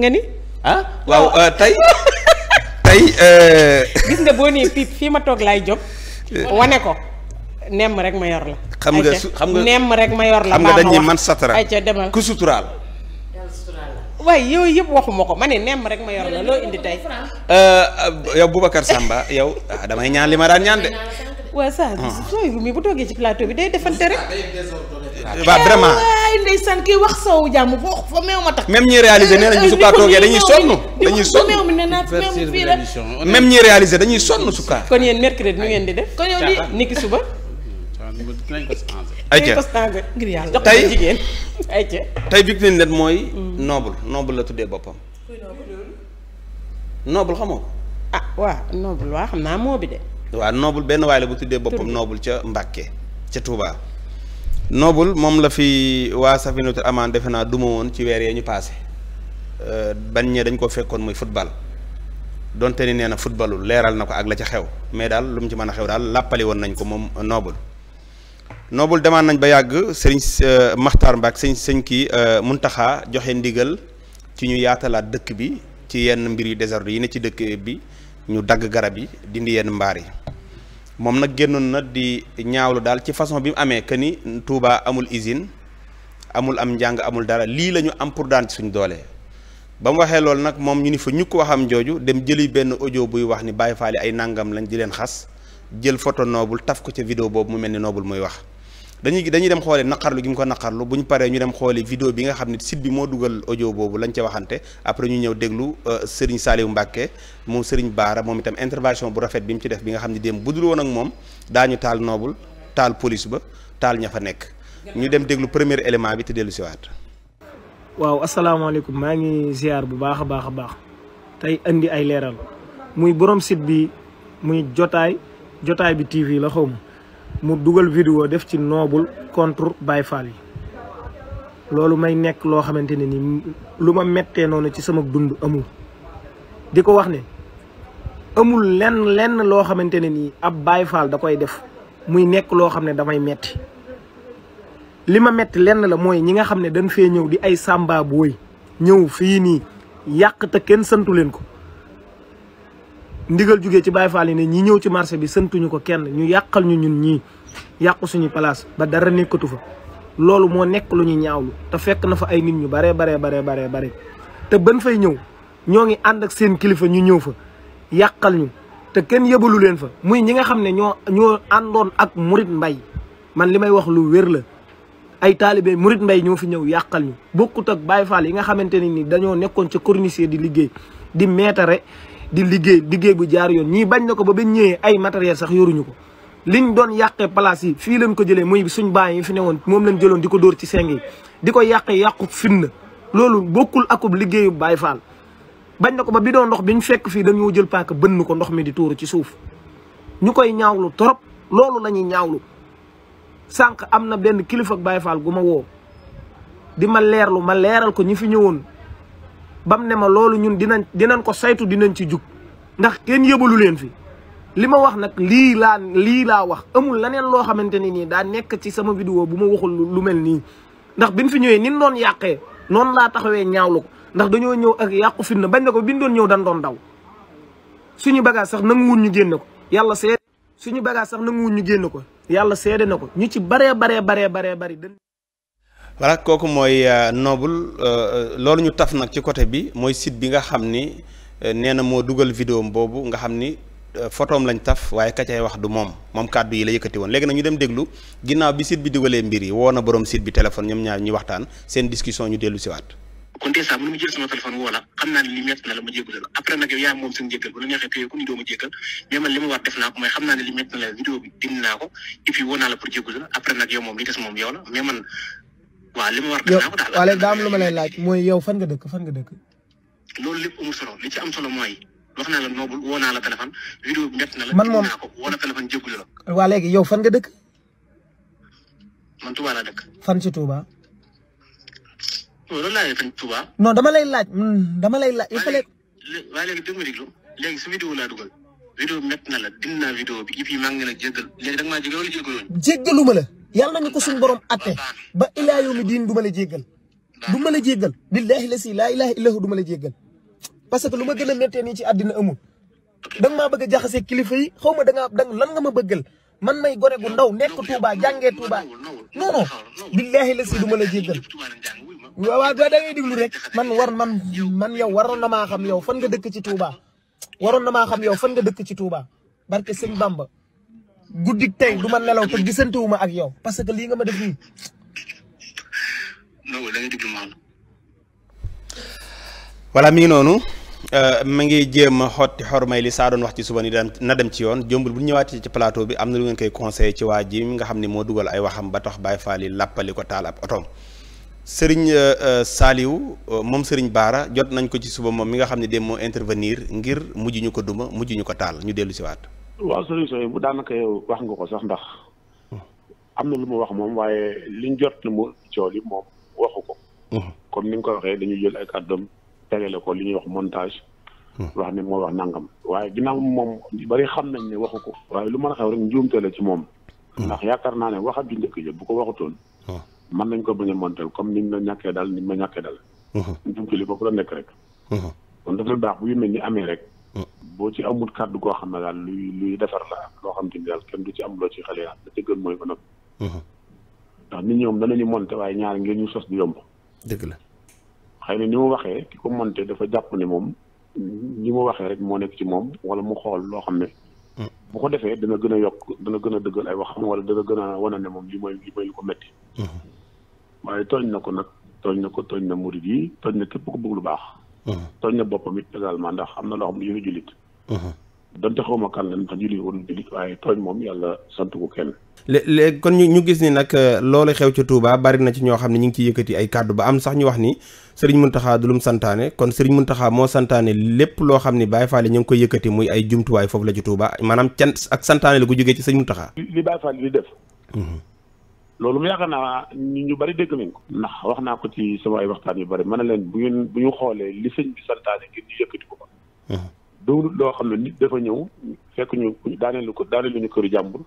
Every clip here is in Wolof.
nga ni. ah waaw euh, tey tey. Euh, gis nga boo nee piip fii ma toog laay jóg. Euh. wane ko nemm rek ma yor la. xam nga su xam nga nemm rek ma yor la. xam nga dañuy man satara ayca demal ku suturaal. waaye yooyu yëpp waxuma ko ma ne nemm rek ma yor la loo indi tey. yow Boubacar Samba yow ah, damay ñaan li ma daan ñaan de. waaw saa ah. sooy bu bu toogee ci plateau bi day defante rek. Ah, waaw vraiment waay ndeysaan kii wax soowu jàmm foo fa meew ma tax. même ñi réalisé nee nañu euh, su kaa toogee dañuy sonn. dañuy sonn meew mi ne naa meew fii la même ñi réalisé dañuy sonn su kaa. kon yéen mercredi nu ngeen di def. kon yow lii niki suba. ayca tey tey victime net mooy. noobul noble la tuddee boppam. noble xamoo ko. ah waa noble waa xam naa moo bi de. waaw noble benn waay la bu tuddee boppam noobul ca Mbàkke ca Touba. Noobul moom la fi waa Safinatul Amaan defe naa duma woon ci weer yee ñu paase euh, bañ ñee dañ ko fekkoon muy football donte ni nee na footballul leeral na ko ak la ca xew mais daal lu mu ci mën a xew daal làppali woon nañ ko moom Noobul. Noobul demaan nañ ba yàgg sëriñ euh, Maxtaar Mbaak sëñ sëñ euh, mun taxa joxe ndigal ci ñu yaatalaat dëkk bi ci yenn mbir yu désordre yi ne ci dëkk bi ñu dagg garab yi dindi yenn mbaar yi. moom nag génnoon na di ñaawlu daal ci façon bi mu amee que ni Touba amul usine amul am njàng amul dara lii la ñu am pour daan suñu suñ doole ba mu waxee loolu nag moom ñu ni fa ñukk waxam jooju dem jëli benn audio buy wax ni Baye Fall ay nangam lañ di leen xas jël photo noobul taf ko ca vidéo boobu mu mel ni noobul muy wax dañuy dañuy dem xoole naqarlu gi mu ko naqarlu bu ñu paree ñu dem xoole vidéo bi nga xam ne site bi moo dugal audio boobu lañ ca waxante après ñu ñëw déglu euh, Serigne Saliou Mbacke moom Serigne Baara moom itam intervention bu rafet bi mu ci def bi nga xam ne démb bu dul woon ak moom daañu taal noobul taal police ba taal ña fa nekk ñu dem déglu premier élément bi te dellu si waat. waaw asalaamaaleykum maa ngi ziar bu baax a baax a baax tey indi ay leeral muy boroom site bi muy jotaay jotaay bi TV la mu dugal vidéo def ci noobul contre Baye Fall yi loolu may nekk loo xamante ne ni lu ma mettee noonu ci sama dund amul di ko wax ne amul lenn lenn loo xamante ne nii ab Baye da koy def muy nekk loo xam ne damay metti li ma metti lenn la mooy ñi nga xam ne dañ fee ñëw di ay sàmba booy ñëw fii nii yàq te kenn santu leen ko ndigal jugee ci Baye Fall yi ne ñi ñëw ci marché bi sëntuñu ko kenn ñu yàqal ñu ñun ñii yàqu suñu place ba dara nekkatu fa loolu moo nekk lu ñu ñaawlu te fekk na fa ay nit ñu baree baree baree baree bare te bën fay ñëw ñoo ngi ànd ak seen kilifa ñu ñëw fa yàqal ñu te kenn yebalu leen fa muy ñi nga xam ne ñoo ñoo àndoon ak Murit Mbay man li may wax lu wér la ay taalibe Murit Mbay ñoo fi ñëw yàqal ñu bokkut ak Baye Fall yi nga xamante ne ni dañoo nekkoon ca corniche di liggéey di meetare di liggéey liggéey bu jaar yoon ñii bañ na ko ba ba ñëwee ay matériel sax yoruñu ko liñ doon yàqee place yi fii lañ ko jëlee muy suñ baay yi fi ne woon moom lañ jëloon di ko dóor ci seng yi di ko yàqee yàqu finna loolu bokkul akub liggéeyu Baay Faal bañ na ko ba bi doon ndox bi ñu fekk fii dañoo jël paaka bënn ko ndox mi di tuuru ci suuf ñu koy ñaawlu trop loolu la ñuy ñaawlu sànq am na benn kilifa Baay Faal gu ma woo di ma leerlu ma leeral ko ñi fi ñëwoon bam ne ma loolu ñun dinañ dinañ ko saytu dinañ ci jug ndax kenn yëbalu leen fi li ma wax nag lii laa lii laa wax amul leneen loo xamante ni nii daa nekk ci sama vidéo bu ma waxul lu mel nii ndax biñ fi ñëwee nin doon yàqee noonu laa taxawee ñaawlu ko ndax dañoo ñëw ak yàqu fitna bañ na ko biñ doon ñëw dañ doon daw suñu bagaa sax nanguwuñ ñu génn ko yàlla seede suñu bagage sax nanguwuñ ñu génn ko yàlla seede na ko ñu ci baree baree baree baree bari voilà kooku mooy euh, Noble euh, euh, loolu ñu taf nag ci côté bi mooy site bi nga xam ni nee na moo dugal vidéo boobu nga xam ni photoom lañ taf waaye ka cay wax du moom moom kàddu yi la yëkkati woon léegi nag ñu dem déglu ginnaaw bi site bi dugalee yi woo na borom site bi téléphone ñoom ñaar ñuy waxtaan seen discussion ñu dellu siwaat kon dèjà mënu ma jël sama téléphone woo la xam naa ne li na la ma jéggal la après nag ko ni doo ma xam naa ne li métti na la vidéo bi dindi naa ko et puis naa la pour jéggal après nag yow moom li des moom yow la mais man waaw li mu war yow waaw ma lay laaj mooy yow fan nga dëkk fan nga dëkk. loolu lépp amul solo li ci am solo mooy wax naa la noobul woo naa la téléphone. vidéo bi métti na la man moom naa ko woo la téléphone jégalu la. waaw yow fan nga dëkk. man Touba laa dëkk. fan ci Touba. loolu laa lay fan Touba. dama lay laaj mm, dama lay laaj. il faut waaye léegi dégg nga déglu léegi su na la dinaa vidéo bi yëpp yi maa ngi leen a jégal léegi da nga maa jégal wala la. yàlla nañu ko suñu borom atte ba ilaa yawmi diin du ma la jéggal du ma la jéggal billaahi la si laa ilaaha illahu du la jéggal parce que lu ma gën a méttee nii ci addina amul da nga maa bëgg a jaxasee kilifa yi xaw ma da nga lan nga ma bëggal man may gone gu ndaw nekk Touba jàngee Touba non non billaahi la si du ma la jéggal waaw waaw da ngay rek man war man man yow waroon na maa xam yow fan nga dëkk ci Touba waroon na maa xam yow fan nga dëkk ci Touba barke sëñ Bamba guddik tey du ma nelaw te gisantewuma ak yow parce que lii nga ma def nii. voilà mi ngi noonu euh, ma ngi jéem a xotti xormay li saa doon wax ci suba ni na dem ci yoon jombul bu ñëwaatee ci plateau bi am na lu ngeen koy conseillé ci waa ji mi nga xam ni moo dugal ay waxam ba tax baay Fall yi làppali ko taal ab otoom. sëriñ euh, euh, Saliou moom sëriñ Baara jot nañ ko ci suba moom mi nga xam ne dem moo intervenir ngir mujj ñu ko duma mujj ñu ko taal ñu dellu si waat waaw solution yi mu daanaka yow wax nga ko sax ndax am na lu mu wax moom waaye liñ jot lu mu cool yi moom waxu ko hmm. comme ni nga ko waxee dañuy jël ay kàddoom tegale ko li ñuy wax montage hmm. wax ni moo wax nangam waaye ginnaaw moom bari xam nañ ne waxu ko waaye lu mën a xew rek njuumte la ci moom hmm. ndax yaakaar naa ne waxam ju ndëkk ja bu ko waxutoon mën nañ ko bañ a montel comme niñ la ñàkkee daal niñ ma ñàkkee daal njuumte li foofu la nekk rek kon dafa baax bu yu mel ni amee rek boo ci amul kàddu goo xam ne daal luy luy defar la loo xam te ni daal kenn du ci am loo ci xale yaat da ci gën mooy ko nag mhm. ndax nit ñoom danañu moonte waaye ñaar ngeen ñu sos di yomb dëgg la xëy na ni mu waxee ki ko monté dafa jàpp ne moom ni mu waxee rek moo nekk ci moom wala mu xool loo xam ne mhm. bu ko defee dana gën a yokk dana gën a dëggal ay wax xam wala dana gën a wane ne moom li mooy li mooy li ko metti mhm. waaye tooñ na ko nag tooñ na ko tooñ na murid yi tooñ na képp ko bëgg lu baax Uh-huh. tooñ na boppam it également ndax am na loo xam ne yëfu jullit uh-huh. donte xaw ma kan la ndax jullit waaye tooñ moom yàlla sant ko kenn léegi kon ñu gis ni nag euh, loolu xew ci Touba bari na ci ñoo xam ne ñu ngi ci yëkkati ay kàddu ba am sax ñu wax ni Serigne Mountakha du lum santaane kon Serigne Mountakha moo santaane lépp loo xam ne Baye Fall ñu ngi koy yëkkati muy ay jumtuwaay foofu la ci Touba maanaam cant ak santaane la ko jógee ci Serigne Mountakha. li Baye loolu mu yaakaar naa ñu bari dégg nañ ko ndax wax naa ko ci sama ay waxtaan yu bari mën na leen bu ñu bu ñu xoolee li sëñ bi santaane ngir ñu yëkkati ko ba mhm. loo xam ne nit dafa ñëw fekk ñu daaneel ko daaneel lu ñu këru jàmbur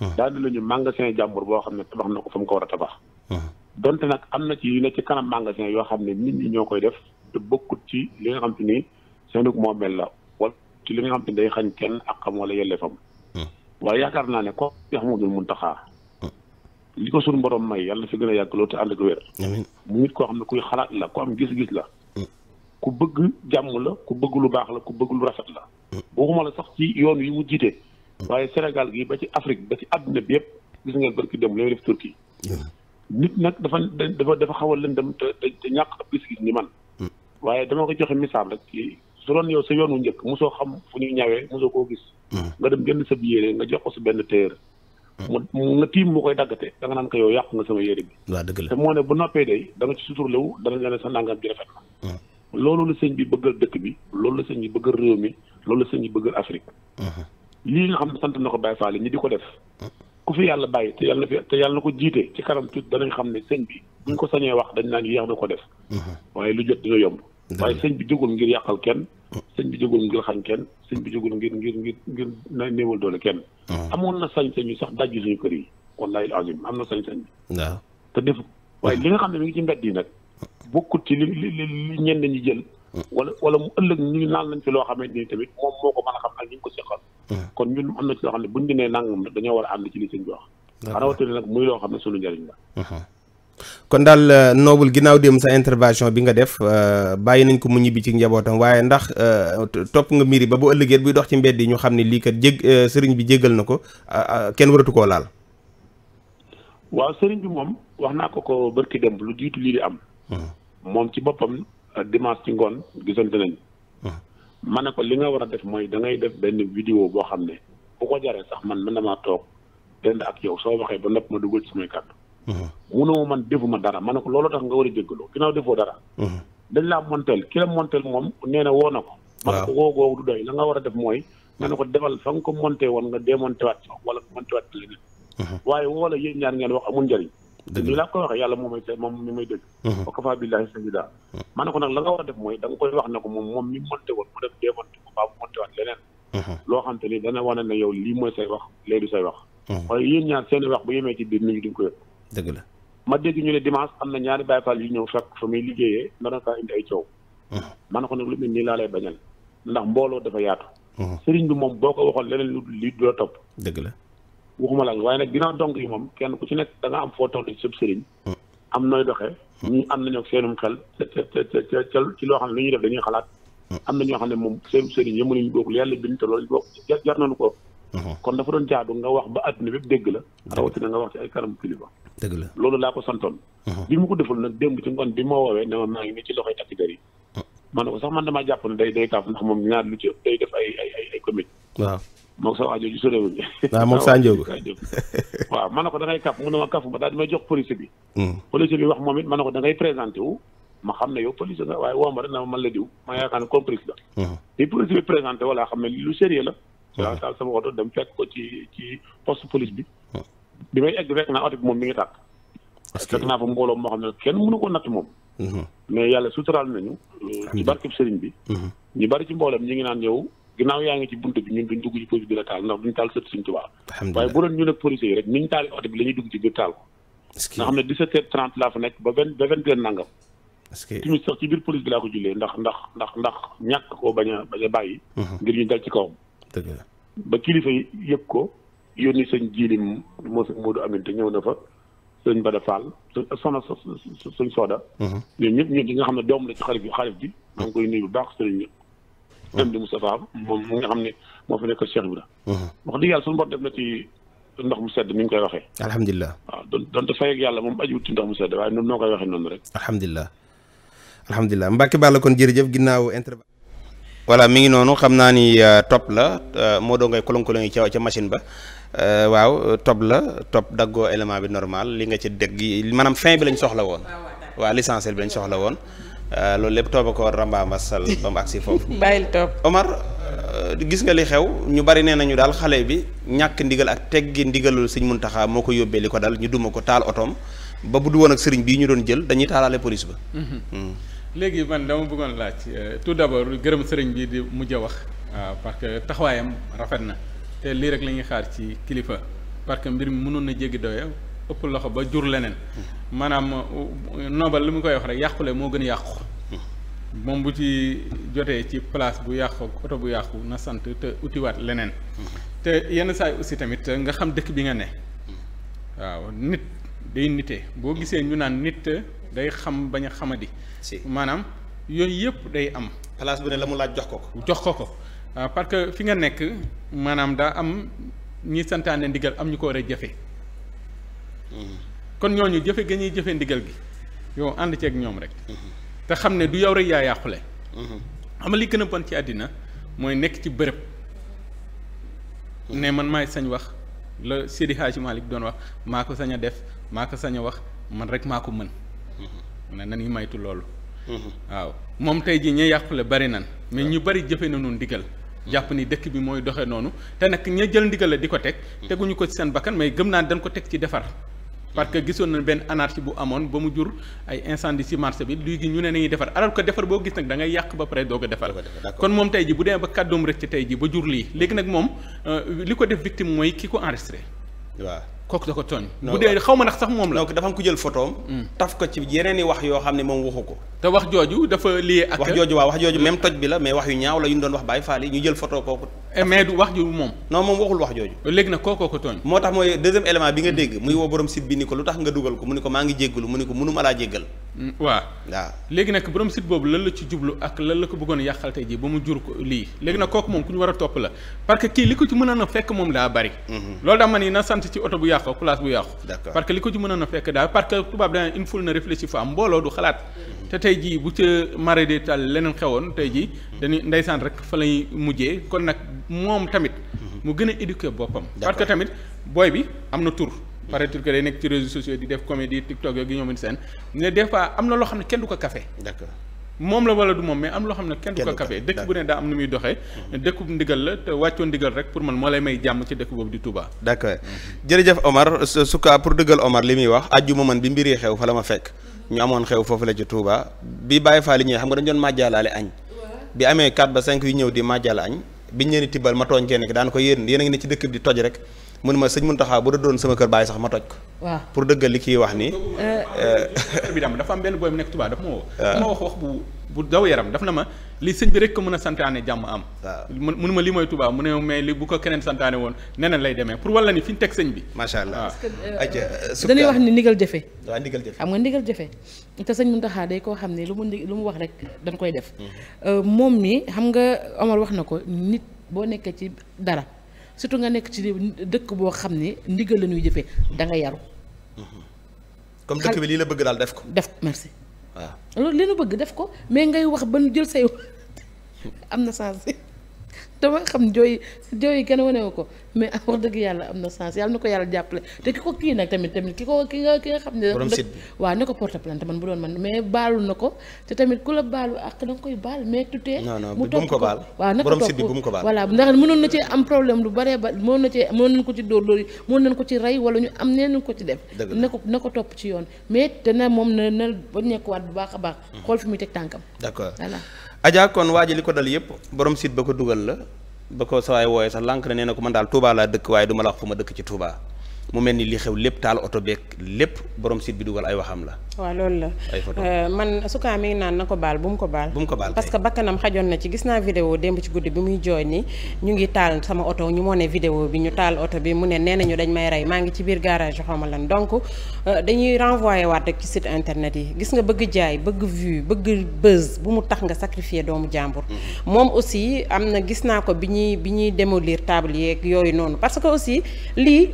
mhm. daaneel lu ñu magasin jàmbur boo xam ne tabax na ko fa ko war a tabax mhm. donte nag am na ci yu ne ci kanam magasin yoo xam ne nit ñi ñoo koy def te bokkut ci li nga xam te ni seen moo mel la wala ci li nga xam te ni day xañ kenn ak xam wala yelleefam waaye yaakaar naa ne ko yoo li ko suñu borom may yàlla na fi gën a yàgg loolu te ànd ak wér. mu nit koo xam ne kuy xalaat la ku am gis-gis la. Mm. ku bëgg jàmm la ku bëgg lu baax la ku bëgg lu rafet la. boo mm. waxuma la sax ci yoon yi mu jiite. Mm. waaye Sénégal gi ba ci Afrique ba ci àdduna bi yëpp gis ngeen barki dem li def Turquie. nit nag dafa dafa dafa xaw a lëndëm te te ñàkk gis ni man. waaye dama ko joxe misaal rek ci su doon yow sa yoon yoonu njëkk mosoo xam fu ñuy ñawee mosoo koo gis. nga dem jënd sa yére nga jox ko sa benn téer mu nga tiim mu koy daggate da nga naan ko yow yàqu nga sama yére bi waaw dëgg la te moo ne bu noppee day da nga ci suturlewu danañ la ne sa nangam ji rafet na hmm. loolu la sëñ bi bëggal dëkk bi loolu la sëñ bi bëggal réew mi loolu la sëñ bi bëggal Afrique hmm. lii nga xam ne sant na ko Baye Fall ñi di ko def hmm. ku fi yàlla bàyyi te yàlla na te yàlla ko jiite ci kanam tuuti danañ xam ne sëñ bi buñ ko sañee wax dañ naan yéex na ko def waaye lu jot dina yomb waaye sëñ bi jógul ngir yàqal kenn sëñ bi jógul ngir xañ kenn sëñ bi jógul ngir ngir ngir ngir néewal doole kenn. Ah. amoon na sañ-sañ yu sax dajju suñu kër yi wallaahi azim am na sañ-sañ. waaw te def waaye li nga xam ne mi ngi ci mbedd yi nag bokkut ci li li li ñenn ñi jël. wala wala mu ëllëg ñu naan lañ fi loo xamante ni tamit moom moo ko mën a xam ak ñi ngi ko seqal. Hmm. kon am na ci loo xam ne buñ ñu nee nangam dañoo war a ànd ci li sëñ bi wax. rawatina nag muy loo xam ne suñu njëriñ la. Hmm. kon daal euh, noobul ginnaaw dem sa intervention bi nga def euh, bàyyi nañ ko mu ñibbi ci njabootam waaye ndax euh, topp nga mbir yi ba bu ëllëgee buy dox ci mbedd yi ñu xam ne lii kat jég sëriñ bi jégal na ko kenn waratu koo laal. waaw sëriñ bi moom wax naa ko ko barki dem lu jiitu lii di am. Hmm. moom ci boppam dimanche ci ngoon gisante nañ. Hmm. ma ne ko li nga war a def mooy dangay def benn vidéo boo xam ne bu ko jaree sax man mën na maa toog dend ak yow soo waxee ba nopp ma dugal mu ne ma man defuma dara ma ne ko loolu tax nga war a jéggalu ginnaaw defoo dara dañ laa monteel ki la monteel moom nee na woo na ko ma ne ko woo googu du doy la nga war a def mooy nga ne ko defal fa ko monté woon nga démonté waat sax wala monté waat leneen waaye woo la yéen ñaar ngeen wax amul njëriñ nii laa koy waxee yàlla moom may moom mi may dégg ma ko nag la nga war a mooy da nga koy wax ne ko moom moom mi monté woon mu def démonté ko baa monté waat leneen loo xam te ni dana wane ne yow lii mooy say wax léegi du say wax waaye yéen ñaar seen wax bu yemee ci biir nit ñi duñ ko yëg dëgg la ma dégg ñu ne dimanche am na ñaari Baay Faal yu ñëw fekk fa muy liggéeye nar na faa indi ay coow man na ko nag lu mel nii laa lay bañal ndax mbooloo dafa yaatu sëriñ bi moom boo ko waxoon leneen lu lii du la topp dëgg la waxuma la waaye nag ginnaaw donk yi moom kenn ku ci nekk da am foo toll ci sëb sëriñ am nooy doxee ñu am nañoo seenum xel ca ci loo xam lu ñuy def dañuy xalaat am na ñoo xam ne moom seen sëriñ yëmënuñ ñu bokkul yàlla bind te loolu bokk jar nañu ko kon dafa doon jaadu nga wax ba àdduna bépp dégg la rawatina nga wax ci ay kanamu kilifa dëgg la loolu laa ko santoon. Uh-huh. bi mu ko deful nag démb ci ngoon bi ma woowee ne maa ngi nii ci loxoy takk der yi. Uh-huh. ma ko sax man damaa jàpp ne day def ay ay waaw moom sa waa jooju ko da ngay kaaf a ne ma kaafu ma daal di may jox police bi. Mm. police bi wax moom it ma ne ko da ngay présenté wu. ma xam ne yow police nga waaye woo na ma man la diw ma yaakaar ne complice la. Mm-hmm. bi police bi présenté wala xam ne lu sérieux la. waaw mm-hmm. daal sama oto dem fekk ko ci ci poste police bi may egg fekk naa oto bi moom mi ngi tàkk. fekk naa fa mbooloo moo xam ne kenn mënu ko natt moom. Mm-hmm. mais yàlla suturaal nañu. ci barkeb sëriñ bi. Mm-hmm. ñu bari ci mboolem ñi ngi naan yow. ginnaaw yaa ngi ci buntu bi ñun duñ dugg ci police bi la taal ndax duñ taal sët suñ tubaab. waaye bu doon ñu nag police yi rek niñ taali oto bi la ñuy dugg ci biir ko. nga laa fa nekk ba vingt vingt heures nangam. tamit ci biir police bi laa ko jullee ndax ndax ñàkk koo bañ a bañ a bàyyi. Mm-hmm. ngir ñu dal ci kawam. dëgg la ba kilifa yi yëg ko. yónni sëñ jiili moo sëñ Modou Aminta ñëw na fa sëñ Bada Fall sëñ Soxna sëñ Soda. Mhm. ñooñu ñëpp ñun nga xam ne doom la ci xalif bi xalif bi. maa ngi koy nuyu bu baax sëriñ bi. Mhm. moom mi nga xam ne moo fi nekk Cheikh la. Mhm. wax yàlla suñu mbokk def na ndox mu sedd ni ñu koy waxee. alhamdulilah waaw don donte fay ak yàlla moom ajiwut ci ndox mu sedd noo koy waxee noonu rek. alhamdulilah alhamdulilah Mbacke Balla kon jëf ginnaaw interview. voilà mi ngi noonu xam naa ni euh, topp la euh, moo doo ngay kolon kolon yi ca ca machine ba Euh, waaw topp la topp daggoo élément bi normal li nga ci dégg maanaam fin bi lañ soxla woon ah, waaw l'essentiel bi lañ soxla woon euh, loolu lépp tooba ko rambaambasal ba mu agsi foofu bàyyil topp Omar euh, gis nga li xew ñu bari nee nañu daal xale bi ñàkk ndigal ak teggi ndigalul Sëriñ Muntaxa moo ko yóbbee li ko dal ñu duma ko taal otoom ba bu du woon ak sëriñ bii ñu doon jël dañuy taalaale police ba mhm. hmm. léegi man dama bëggoon laaj tout d'abord gërëm sëriñ bi di mujj wa wax waaw parce que taxawaayam rafet na te lii rek la xaar ci kilifa parce que mbir mi mënoon na jéggi doyo ëpp loxo ba jur leneen maanaam nobal li mu koy wax rek yàqule moo gën yàqu moom bu ci jotee ci place bu yàqu oto bu yàqu na sant te utiwaat leneen te yenn saa yi aussi tamit nga xam dëkk bi nga ne waaw nit day nitee boo gisee ñu naan nit day xam bañ a xamadi maanaam yooyu yëpp day am place bu ne la mu laaj jox ko ko jox ko ko Euh, parce que fi nga nekk maanaam daa am ñi santaane ndigal am ñu ko war a jafe mm-hmm. kon ñooñu jafe gañuy ñuy jëfe ndigal gi yow ànd ceeg ñoom rek mm-hmm. te xam ne du yow rek yaa yàqule mm-hmm. xam li gën a bon ci àddina mooy nekk ci bërëb ne man may sañ wax la Seydi Hadji Malick doon wax maa ko sañ a def maa ko sañ a wax man rek maa ko mën ne nañu maytu loolu waaw moom tey jii ñi yàqule bari nan mais ñu bari jëfe nañu ndigal jàpp ni dëkk bi mooy doxee noonu te nag ña jël ndigal la di ko teg teguñu ko ci seen bakkan mais gëm naa dañ ko teg ci defar parce que gisoon na benn anarchie bu amoon ba mu jur ay incendie ci marché bi léegi ñu ne nañuy defar alors ko defar boo gis nag da ngay yàq ba pare doog a defar kon moom tey bu dee ba kàddoom rek ci tey ji ba jur lii léegi nag moom euh, li ko def victime mooy ki ko enregistré waaw kooku da ko tooñ. bu dee xaw ma ndax sax moom la. donc dafa am ku jël photo am. Hmm. taf ko ci yeneen wax yoo xam ne moom waxu ko. te wax jooju dafa lié ak. wax jooju waaw wax jooju eh, moom. non moom waxul wax jooju. léegi nag moo tax mooy deuxième élément hmm, lan la ci jublu lan la ko bëggoon yàqal tey kooku moom ku ñu war a topp la parce que kii li ko ci mën a fekk moom daa bari hmm, loolu daa man ni na sant ci oto bu yàqu place bu yàqu parce que li ko ci mënoon a fekk daal parce que tubaab dana une foule ne réfléchit fa am mbooloo du xalaat te tey jii bu ca marée de tal leneen xewoon tey jii dañuy ndeysaan rek fa lay mujjee kon nag moom tamit mu gën a éduquer boppam parce tamit booy bi am na tur paraît-il que day nekk ci réseaux sociaux di def comédie TikTok yooyu gi ñoomin seen mais des fois am na loo xam ne kenn du ko café moom la wala du moom mais am loo xam ne kenn du ko kafe dëkk bu ne daa am nu muy doxee dëkku ndigal la te wàccoo ndigal rek pour man moo lay may jàmm ci dëkk boobu di Touba d'accord jërëjëf Omar su ka pour dëggal Omar li muy wax àjjuma man bi mbiri xew fa la ma fekk ñu amoon xew foofu la ci Touba bi faa Fall ñëwee xam nga dañu doon màjjaalaale añ bi amee 4 ba 5 yu ñëw di màjjaal añ biñu leen di tibbal ma tooñ kenn ki daan ko yéen yéen a ci dëkk bi di toj rek mun sëñ sëñ Muntaxa bu da doon sama kër bàyyi sax ma toj ko. waaw pour dëggal li kii wax nii. Euh, bi dafa am benn booy bu nekk Tuubaa dafa ma woo. ma wax bu bu daw yaram daf na ma li sëñ rek ko mën a santaane jàmm am. waaw mun ma li mooy Tuubaa mu ne mais li bu ko keneen santaane woon neneen lay demee pour wala fi ñu teg sëñ bi. macha allah parce que euh, dañuy wax ni ndigal jëfe. waaw ndigal jëfe xam nga ndigal jëfe te sëñ Muntaxa day koo xam ne lu mu lu mu wax rek dañ koy def. Mm-hmm. Euh, moom mi xam nga amal wax na ko nit boo nekkee ci dara surtout nga nekk ci dëkk boo xam ne ndigal la ñuy jëfee da nga yaru. comme dëkk bi lii la bëgg daal def ko. def ko merci. waaw loolu li nu bëgg def ko mais ngay wax ba nu jël say am na sens. dama xam jooy jooy kenn wanewu ko mais ak wax dëgg yàlla am na sens yàlla na ko yàlla jàppale te ki ko kii nag tamit tamit ki ko ki nga ki nga xam ne. borom sit bi waaw ne ko porte plainte bu doon man mais baalu na ko te tamit ku la baalu ak da nga koy baal mu topp ko waaw na ko borom sit bi bu mu ko na cee am problème lu baree ba mënoon na cee mënoon nañu ko ci dóor dóor yi mënoon nañu ko ci rey wala ñu am nee nañu ko ci def. na ko na topp ci yoon mais dana moom na na ba nekkuwaat bu baax a baax. Mm-hmm. xool fi muy teg tànkam. d'accord voilà Adja kon waa ji li ko dal yëpp borom site ba ko dugal la ba ko sawaay wooyee sax lànk na nee na ko ma daal Touba laa dëkk waaye du ma la wax fu ma dëkk ci Touba mu mel ni li xew lépp taal oto beeg lépp borom site bi dugal ay waxam la. waaw loolu la euh, man su mi naan na ko baal bu mu ko baal. bu mu ko baal parce que bakkanam xajoon na ci gis naa vidéo démb ci guddi bi muy jooy ni ñu ngi taal sama oto ñu moo ne vidéo bi ñu taal oto bi mu ne nee nañu dañ may rey maa ngi ci biir garage xaw ma lan donc euh, dañuy renvoyé waat rek ci site internet yi gis nga bëgg jaay bëgg vue bëgg buzz bu mu tax nga sacrifier doomu jàmbur. Mm-hmm. moom aussi am na gis naa ko bi ñuy bi ñuy démolir table yeeg yooyu noonu parce que aussi lii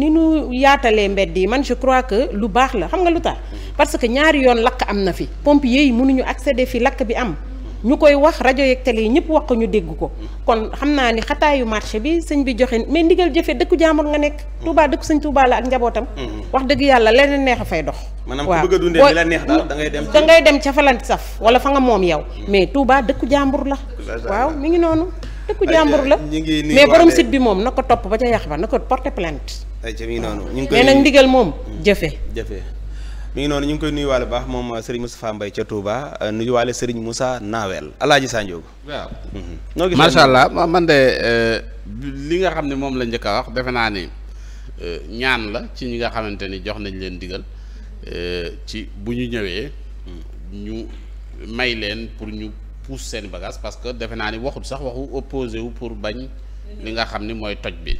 ni nu yaatalee mbedd yi man je crois que lu baax la xam nga lu tax parce que ñaari yoon lakk am na fi pompiers yi mënuñu accéder fi lakk bi am ñu koy wax rajo yeeg télé yi ñëpp wax ko ñu dégg ko kon xam naa ni xataayu marché bi sëñ bi joxe mais ndigal jëfe dëkku jaamur nga nekk mm. Touba dëkku sëñ Touba la ak njabootam mm-hmm. wax dëgg yàlla leneen neex a fay dox maanaam ku bëgg a neex daal da dem da ngay dem ca falanti saf wala fa nga moom yow mm-hmm. mais Touba dëkku jaambur la waaw mi ngi noonu dëkku jàmbur la mais borom site bi moom na ko topp ba ca yàq ba na ko porter plainte ay ca mi ngi noonu ñu ngi koy mais nag ndigal moom mm. jëfe jëfe mi ngi noonu ñu ngi koy nuyuwaale baax moom uh, Serigne Moustapha Mbaye ca Touba uh, nuyuwaale Serigne Moussa Nawel alaaji Sanjoogu waaw mm-hmm. noo gis man de uh, li nga xam ne moom la njëkk a wax defe naa ne ñaan la ci ñi nga xamante ni jox nañ leen digal ci bu ñu ñëwee mm. ñu may leen pour ñu pousse seeni bagage parce que defe naa ni waxul sax waxu opposé wu pour bañ li nga xam ni mooy toj bi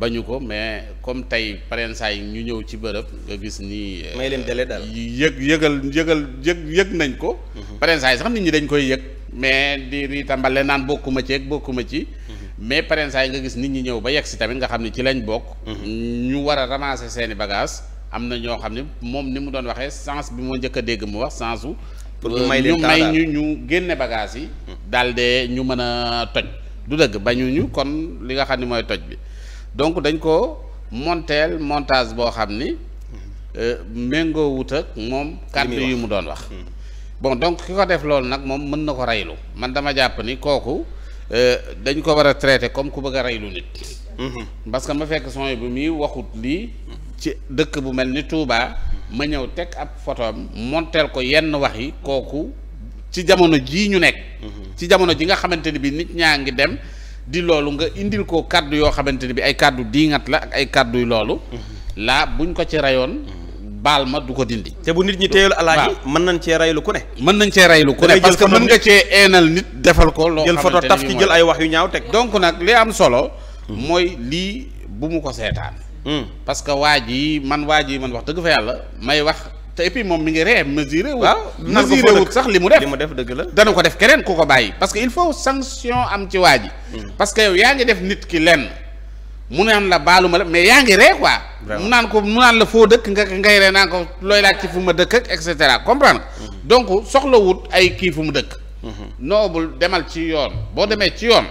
bañu ko mais comme tey parensaa yi ñu ñëw ci bërëb nga gis ni euh, may leen délai daal yëg yëgal yëgal yëg yëg nañ ko mhm. parensaa yi sax nit ñi dañ koy yëg mais di di tàmbale naan bokkuma ci ak bokkuma ci mhm. mais parensaa yi nga gis nit ñi ñëw ba yegg si tamit nga xam ni ci lañ bokk mhm. ñu war a ramasser seeni bagage am na ñoo xam ne moom ni mu doon waxee sens bi moo njëkk a dégg mu wax sensu pour euh, ñu may leen ñu ñu génne bagages yi. daal ñu mën a toj. du dëgg bañuñu kon li nga xam ne mooy toj bi donc dañ ko monteel montage boo xam ni. Mhm. Euh, méngoo wut moom. kàddu yi mu doon wax. Mhm. bon donc ki ko def loolu nag moom mën na ko reylu man dama jàpp ni kooku euh, dañ ko war a traité comme ku bëgg a reylu nit. Mhm. parce que ma fekk son bi muy waxut lii. ci dëkk bu mel ni Touba. ma ñëw teg ab photo am monteel ko yenn wax yi kooku ci jamono jii ñu nekk. Mhm. ci jamono ji nga xamante ni bi nit ñaa ngi dem di loolu nga indil ko kàddu yoo xamante ni bi ay kàddu diingat la ak ay kàddu loolu. Mhm. laa buñ ko ci reyoon mhm. baal ma du ko dindi. te bu nit ñi teeyul alaaji mën nañ cee reylu ku ne. mën nañ cee raylu ku ne parce que mën nga cee eenal nit defal ko. loo xamante ni jël ay wax yu ñaaw teg. donc nag li am solo. mooy lii bu mu ko seetaan. Hmm. parce que waa ji man waa ji man wax dëgg fa yàlla may wax te et moom mu ngi ree mesuré wut mesuré wut sax li mu def li def dëgg la dana ko def keneen ku ko bàyyi parce que il faut sanction am ci waa ji hmm. parce que yow yaa ngi def nit ki lenn mu naan la baalu ma la mais yaa ngi ree quoi mu naan ko mu naan la foo dëkk nga ngay ree naan ko looy laaj ci fu ma dëkk ak et cetera comprendre hmm. donc soxla wut ay kii fu mu dëkk noobul demal ci yoon boo demee ci yoon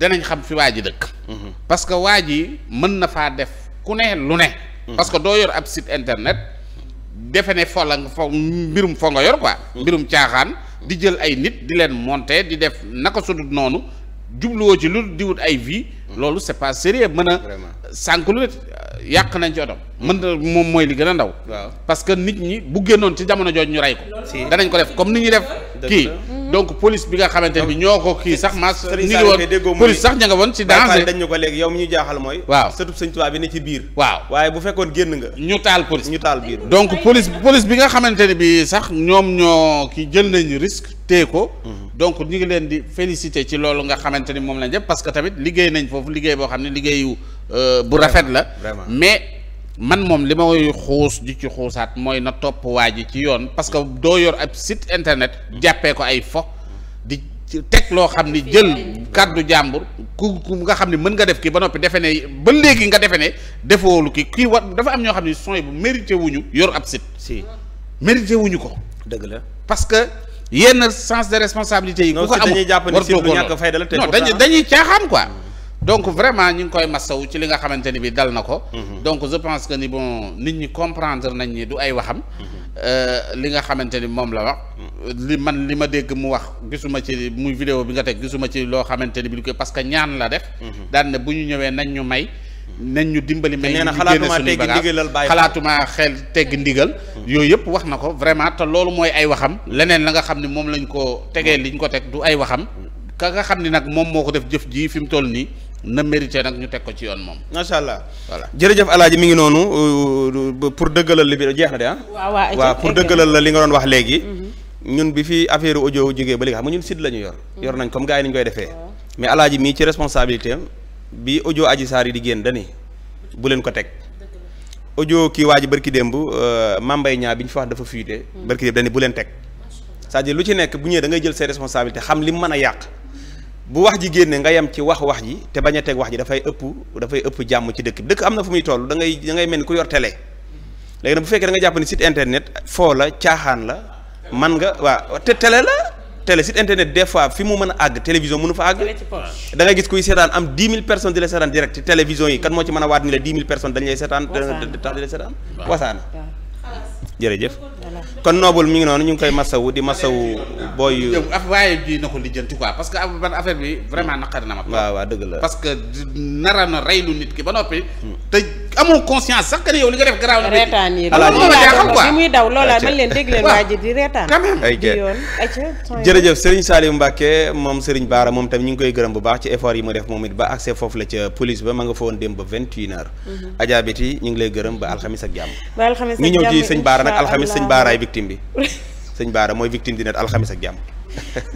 danañ xam fi waa ji dëkk. Mhm. parce que waa ji mën na faa def ku ne lu ne. Mhm. parce que doo yor ak site internet defe ne fo la nga fo mbirum fo nga yor quoi. Mhm. mbirum caaxaan di jël ay nit di leen monte di def naka sudut noonu jubluwoo ci lu di ay vie loolu c'est pas sérieux mën a. sànq lu yàq nañ ci oto. mën na moom mooy li gën a ndaw. parce que nit ñi bu génnoon ci jamono jooju ñu rey ko. danañ ko def comme ni ñuy def kii. donc police bi nga xamante bi ñoo ko kii sax mas ñu ngi woon police sax ña nga woon mooy waaw sëtub biir waaw waaye bu fekkoon génn nga ñu taal police ñu taal biir donc police police bi nga xamante ne bi sax ñoom ñoo kii jël nañu risque tee ko mhm. donc ñu ngi leen di féliciter ci loolu nga xamante ni moom lañ def parce que tamit liggéey nañ foofu liggéey boo xam ne liggéeyu euh, bu rafet la mais man moom li may xuus di ci xuusaat mooy na topp waa ji ci yoon parce que doo yor ab site internet jàppee ko ay fo di teg loo xam ni jël kàddu jàmbur ku ku nga xam ne mën nga def kii ba noppi defe ne ba léegi nga defe ne defewoolu kii kii war dafa am ñoo xam ne sony bu mérité wuñu yor ab site si mérité wuñu ko dëgg la parce que yenn sens de responsabilité yi ku ko amul war too ko non dañuy caaxaan ko donc vraiment ñu ngi koy massawu ci li nga xamante ni bi dal na ko. Mhm. donc je pense que ni bon nit ñi comprendre nañ ñi du ay waxam. Mhm. Euh, li nga xamante ni moom la wax. Mhm. li man li ma dégg mu wax gisuma ci muy vidéo bi nga teg gisuma ci loo xamante ni bi lu parce que ñaan la def. daan bu ñu ñëwee nañ ñu may. nañ ñu dimbali may ñu génne suñu xalaatuma xel tegg ndigal yooyu yëpp wax na ko vraiment te loolu mooy ay waxam leneen la nga xam ne moom lañ ko tegee liñ ko teg du ay waxam ka nga xam ni nag moom moo ko def jëf jii fi mu toll nii na mérité nag ñu teg ko ci yoon moom. macha allah voilà jërëjëf alaaji mi ngi noonu euh, euh, pour dëggalal li bi jeex na de ah. waaw waaw pour dëggalal la li nga doon wax léegi. Mhm. ñun bi fi affaire audio jógee ba léegi xam nga ñun site la ñu yor. Mhm. yor nañ comme gars yi ni ñu koy defee. Oh. mais alaaji mii ci responsabilité bi audio aji saar yi di génn dani bu leen ko teg. audio kii waa ji barki démb euh, mambay ñaa bi ñu fi wax dafa fuité. Mhm. barki démb dani bu leen teg. saa à lu ci nekk bu ñëwee da ngay jël ses responsabilités xam li mu mën a yàq. bu wax ji génne nga yem ci wax wax ji te bañ a teg wax ji dafay ëpp dafay ëpp jàmm ci dëkk dëkk am na fu muy toll da ngay da mel ni ku yor télé bu fekkee jàpp ni site internet foo la caaxaan la man nga waaw te télé la télé site internet des fi mu mën a àgg télévision mënu fa àgg da gis kuy seetaan am 10 000 personnes di la seetaan direct télévision yi kan moo ci mën a waat ni la 10 000 personnes dañu lay seetaan tax di la seetaan wasaana jërëjëf kon noobul mi ngi noonu ñu ngi koy masawu di masawu booy yu waaye ji na ko lijjanti quoi parce que ban affaire bi vraiment naqari na ma waaw waaw dëgg la parce que nara na rey lu nit ki ba noppi hmm. tëj amul conscience sax que ne yow li nga def garaaw na. reetaan yi li muy daw loolaa man leen dégg leen waa ji di reetaan. jërëjëf Serigne Saliou Mbacke moom Serigne Baara moom tam ñu ngi koy gërëm bu baax ci effort yi mu def moom it ba accès foofu la ca police ba ma nga fa woon dem ba vingt et une heures. Mhm. Adja ñu ngi lay gërëm ba alxamis ak jàmm. ba alxamis ñu ñëw ci sëñ Baara nag alxamis sëñ Baaraay victime bi sëñ Baara mooy victime di net alxamis ak jàmm